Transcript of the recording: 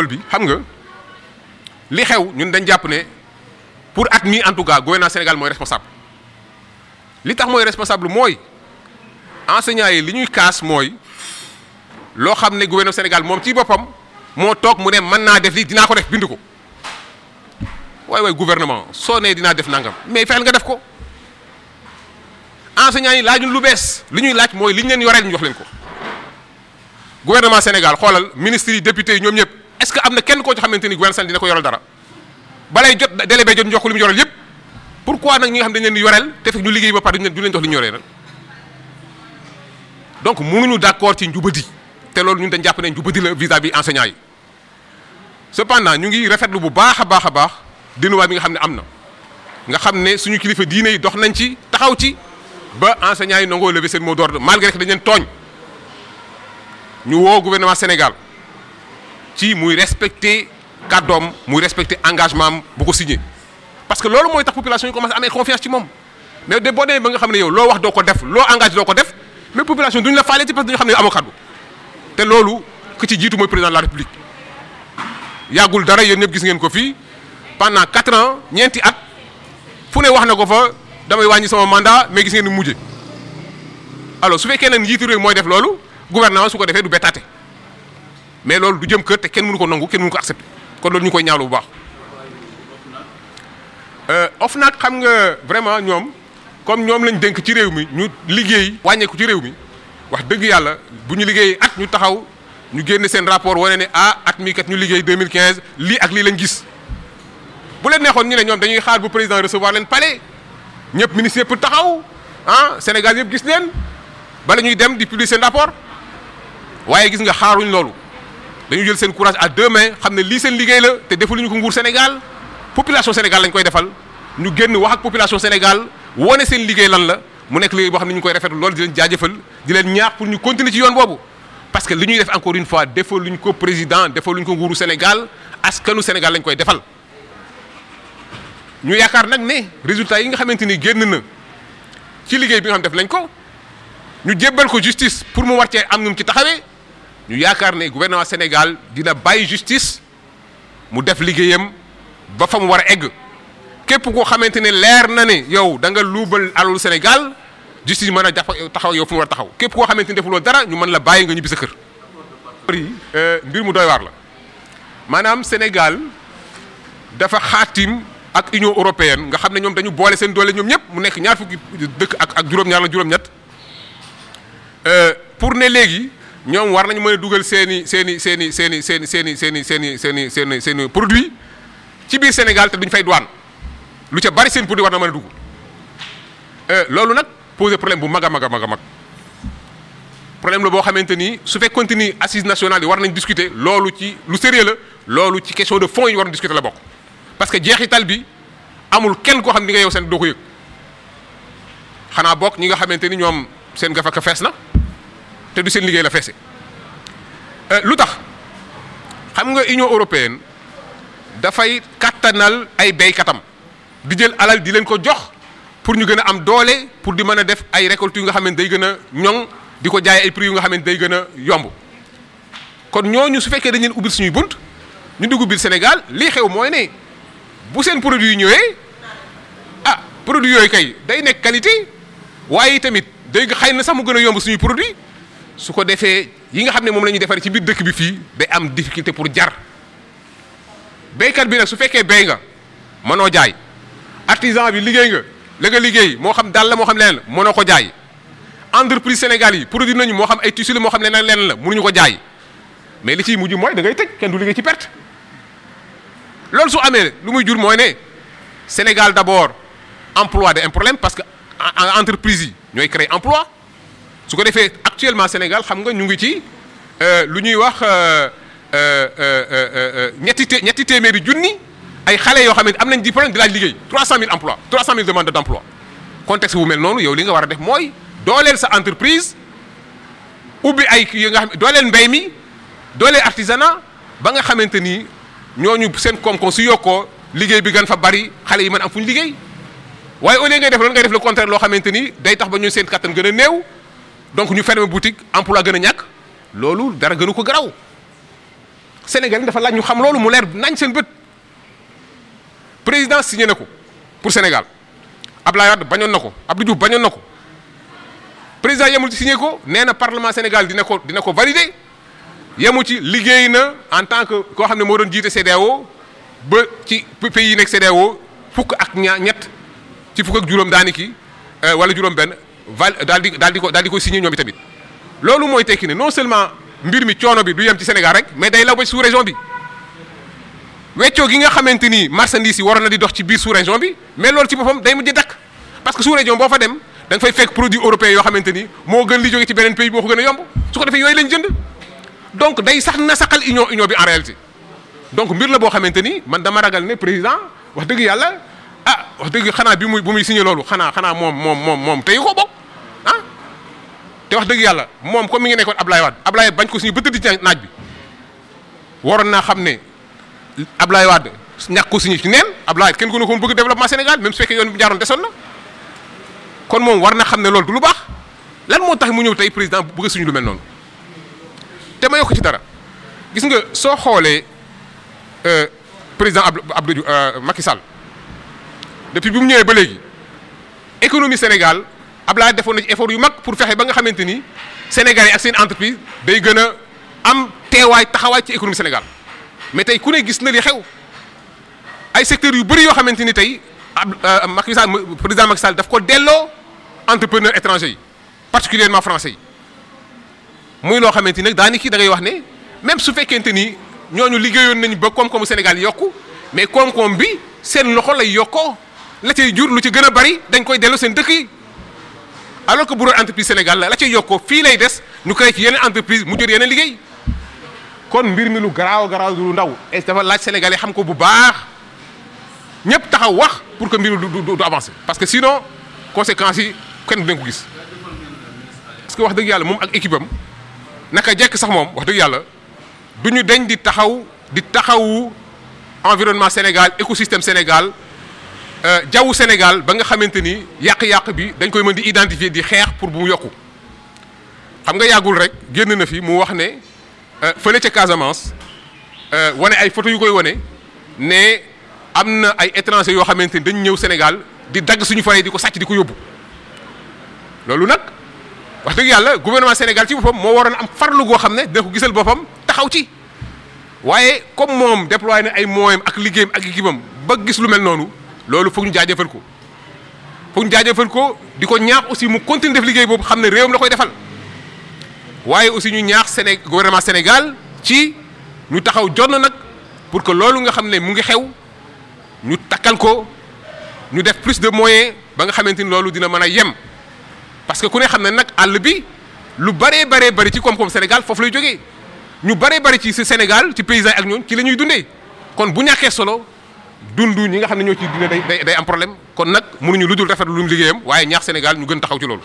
peuple bi xam nga li xew ñun dañ jàpp ne pour at mi en tout cas gouvernement Sénégal mooy responsable li tax mooy responsable mooy enseignants yi li ñuy kaas mooy loo xam ne gouvernement Sénégal moom ci boppam moo toog mu ne mën naa def lii dinaa ko def bind ko waay waay gouvernement soo nee dinaa def nangam mais fexeel nga def ko enseignants yi laajul lu bees li ñuy laaj mooy li ñu leen yoreel ñu jox leen ko gouvernement Sénégal xoolal ministres yi députés yi ñoom ñëpp. est-ce que am na kenn ko ci xamante ni Vincent dina ko yoral dara balay jot délai bay jot ñu jox ko li mu yoral yëpp pourquoi nag ñi nga xam dañ leen di yoreel te fekk ñu liggéey ba pare du leen jox ñu yoree nag donc mënuñu d'accord te loolu ñun dañ jàpp ne njubadi la vis-à-vis enseignants yi cependant ñu ngi rafetlu bu baax a baax a baax dénouement bi nga xam ne am na nga xam ne suñu kilifa diine yi dox nañ ci taxaw ci ba enseignants yi nangoo lever seen mot d'ordre malgré que dañ tooñ ñu woo gouvernement Sénégal ci muy respecter doom muy respecter engagement bu ko signé parce que loolu mooy tax population yi commencé amee confiance ci moom mais de boo demee ba nga xam ne yow loo wax doo ko def loo engagé doo ko def mais population duñu la faale ci parce que dañu xam ne amoo kàddu te loolu ki ci jiitu mooy président de la république yàggul dara yéen ñëpp gis ngeen ko fii pendant quatre ans ñeenti at fu ne wax na ko fa damay wàññi sama mandat mais gis ngeen ni mujje alors su ne njiitu réew mooy def loolu gouvernement su ko defee du bettaate mais loolu du jëm kër te kenn mënu ko nangu kenn mënu ko accepté kon loolu ñu koy ñaawlu bu baax. Euh, OFNAC xam nga vraiment ñoom comme ñoom lañ dénk ci réew mi ñu liggéey wàññeeku ci réew mi wax dëgg yàlla bu ñu liggéey at ñu taxaw ñu génn seen rapport wane ne ah at mi kat ñu liggéey 2015 lii ak lii lañ gis. bu leen neexoon ñu ne ñoom dañuy xaar bu président recevoir leen palais ñëpp ministre yëpp taxaw ah Sénégal yëpp gis leen bala ñuy dem di publier seen rapport waaye gis nga xaaruñ loolu. dañu jël seen courage à deux mains xam ne lii seen liggéey la te defaluñu ko nguur Sénégal population Sénégal lañ koy defal ñu génn waxak population Sénégal wone seen liggéey lan la mu nekk liggéey boo xam ne ñu koy rafetlu loolu di leen jaajëfal di leen ñaax pour ñu continuer ci yoon boobu parce que li ñuy def encore une fois defaluñ ko président ñu ko nguuru Sénégal askanu Sénégal lañ koy defal ñu yaakaar nag ne résultat yi nga xamante ni génn na ci liggéey bi nga def nañ ko ñu jébbal ko justice pour mu war cee am nu mu ci taxawee ñu yaakaar ne gouvernement Sénégal dina bàyyi justice mu def liggéeyam ba fa mu war a egg képp koo xamante ne leer na ne yow da nga luubal alalu Sénégal justice mën a jàpp taxaw yow fu mu war a taxaw képp koo xamante ne defuloo dara ñu mën la bàyyi nga ñibbi sa kër. mbir euh, mu doy waar la maanaam Sénégal dafa xaatim ak Union européenne nga xam ne ñoom dañu boole seen doole ñoom ñëpp mu nekk ñaar fukki dëkk ak ak juróom-ñaar la juróom-ñett euh, pour ne léegi. ñoom war nañu mën a dugal seen i seen seeni seen i seeni i seen i seeni seen seen i seen i seen produit ci biir Sénégal bi duñ fay douane lu ca bari seen produit war na mën a dugg loolu nag poser problème bu mag a mag a mag a mag problème la boo xamante ni su fekkoon ni assise nationale yi war nañ discuter loolu ci lu sérieux la loolu ci question de fonds yi war a discuter la bokk parce que jeexital bi amul kenn koo xam ni nga yow seen doo ko yëg xanaa bokk ñi nga xamante ni ñoom seen gafaka fees na. te du seen liggéey la feese euh, lu tax xam nga union européenne dafay kattanal ay béykatam di jël alal di leen ko jox pour ñu gën a am doole pour di mën a def ay récoltes yu nga xam ne day gën a ñoŋ di ko jaay ay prix yu nga xam ne day gën a yomb kon ñooñu su fekkee dañ leen ubbil suñuy bunt ñu dugg biir Sénégal lii xew mooy ne bu seen produit yi ñëwee ah produit yooyu kay day nekk qualité waaye tamit day xëy na sax mu gën a yomb suñuy produit su ko defee yi nga xam ne moom la ñuy defaree ci biir dëkk bi fii day am difficulté pour jar béykat bi nag su fekkee béy nga noo jaay artisan bi liggéey nga la nga liggéey moo xam daal la moo xam leneen moo mënoo ko jaay entreprise Sénégal yi produit nañu moo xam ay tissus la moo xam leneen leneen la mënuñu ko jaay mais li ciy mujj mooy da ngay tëj kenn du liggéey ci perte loolu su amee lu muy jur mooy ne Sénégal d'abord emploi de un problème parce que entreprise yi ñooy créer emploi su ko defee actuellement Sénégal xam nga ñu ngi ci euh, lu ñuy wax euh, euh, ñetti té ñetti téeméeri junni ay xale yoo xam ne am nañ diplôme di laaj liggéey 300000 emplois 300000 demandes d' emploi contexte bu mel noonu yow li nga war a def mooy dooleel sa entreprise ubbi ay yi nga xam dooleel mbéy mi dooleel artisanat ba nga xamante ni ñooñu seen koom-koom su yokkoo liggéey bi gan fa bari xale yi man am fu ñu liggéey waaye au lieu ngay def loolu ngay def le contraire loo xamante ni day tax ba ñu seen kattan gën a néew. donc ñu fermer boutique a gën a ñàkk loolu dara gënu ko garaw Sénégal dafa laaj ñu xam loolu mu leer nañ seen bët président signé na ko pour Sénégal Abdoulaye Wade bañoon na ko Abdou Diouf bañoon na ko président yemul ci signé ko nee na parlement Sénégal dina ko dina ko yemu ci liggéey na en tant que koo xam ne moo doon jiite CEDEAO ba ci pays yi nekk CEDEAO fukk ak ñaar ñett ci fukk ak juróom daan ki euh, wala juróom benn val daal di daal di ko daal di koy signé ñoom itamit loolu mooy tekki ne non seulement mbir mi coono bi du yem ci Sénégal rek mais day law ba sous région bi weccoo gi nga xamante ni marchandise yi waroon na di dox ci biir sous région bi mais loolu ci boppam day mujj di dakk parce que sous région boo fa dem da nga fay fekk produit européen yoo xamante ni moo gën li jóge ci beneen pays moo ko gën a yomb su ko defee yooyu lañ jënd donc day sax na saxal union bi en réalité donc mbir la boo xamante ni man dama ragal ne président wax dëgg yàlla ah wax dëgg xanaa bi muy bu muy loolu xanaa xanaa moom moom moom moom tey ko te wax dëgg yàlla moom comme mi ngi nekkoon Ablaye Wade Ablaye bañ ko suñu ba tëdd ci naaj bi waroon naa xam ne Ablaye Wade ñàkk ko suñu ci neen Ablaye kenn gënu ko mu bëgg développement Sénégal même su fekkee yoon bi jaaroon desoon na kon moom war na xam ne loolu du lu baax lan moo tax mu ñëw tey président bëgg ñu lu mel noonu te ma yokk ci dara gis nga soo xoolee euh, président Abdou euh, Macky Sall depuis bi mu ñëwee ba léegi économie Sénégal. Ablaye defoon na ci effort yu mag pour fexe ba nga xamante sénégal sénégalais ak seen entreprise day gën a am teewaay taxawaay ci économie Sénégal mais tey ku ne gis na li xew ay secteurs yu bëri yoo xamante ni tey ab euh, Macky Sall président Macky Sall daf ko delloo entrepreneur étranger yi particulièrement français yi muy loo xamante ni nag daani kii da ngay wax ne même su fekkente ni ñooñu liggéeyoon nañ ba koom-koomu Sénégal yokku mais koom-koom bi seen loxo lay yokkoo la cay jur lu ci gën a bari dañ koy delloo seen dëkk yi. alors que bu doon entreprise Sénégal la la cay yokkoo fii lay des ñu créé ci yeneen entreprise mu jër yeneen liggéey kon mbir mi lu garaaw garaaw lu ndaw et dafa laaj sénégalais xam ko bu baax ñëpp taxaw wax pour que mbir du du avancer parce que sinon conséquences yi kenn dinañ ko gis. parce que wax dëgg yàlla moom ak équipe naka jekk sax moom wax dëgg yàlla du ñu deñ di taxaw di taxawu environnement Sénégal écosystème Sénégal. Euh, jaww Sénégal ba nga xamante ni yàq-yàq bi dañ koy mën di identifier di xeex pour bu mu yokku xam nga yàggul rek génn na fi mu wax ne euh, fële ca Casamance euh, wane ay photo yu koy wane ne am na ay étranger yoo xamante ni dañu ñëw Sénégal di dagg suñu forêt di ko sàcc di ko yóbbu loolu nag wax dëgg yàlla gouvernement Sénégal ci boppam moo waroon am farlu goo xam ne dina ko gisal boppam taxaw ci waaye comme moom déployé na ay moyens ak liggéeyam ak équipe ba gis mel noonu. loolu foog ñu jaajëfal ko foog ñu jaajëfal ko di ko ñaax aussi mu continue def liggéey boobu xam ne réewam la koy defal waaye aussi ñu ñaax Séné gouvernement Sénégal ci ñu taxaw jonn nag pour que loolu nga xam ne mu ngi xew ñu takkal ko ñu def plus de moyen ba nga xamante ni loolu dina mën a yem parce que ku ne xam ne nag àll bi lu baree baree bari ci koom-koom Sénégal foofu lay jógee ñu baree bari ci Sénégal ci paysans ak ñooñ ci la ñuy dundee kon bu ñàkkee solo. dundu ñi nga xam ne ñoo ci dina day day am problème kon nag mënuñu lu dul rafetlu lu mu liggéeyam waaye ñaax Sénégal ñu gën taxaw ci loolu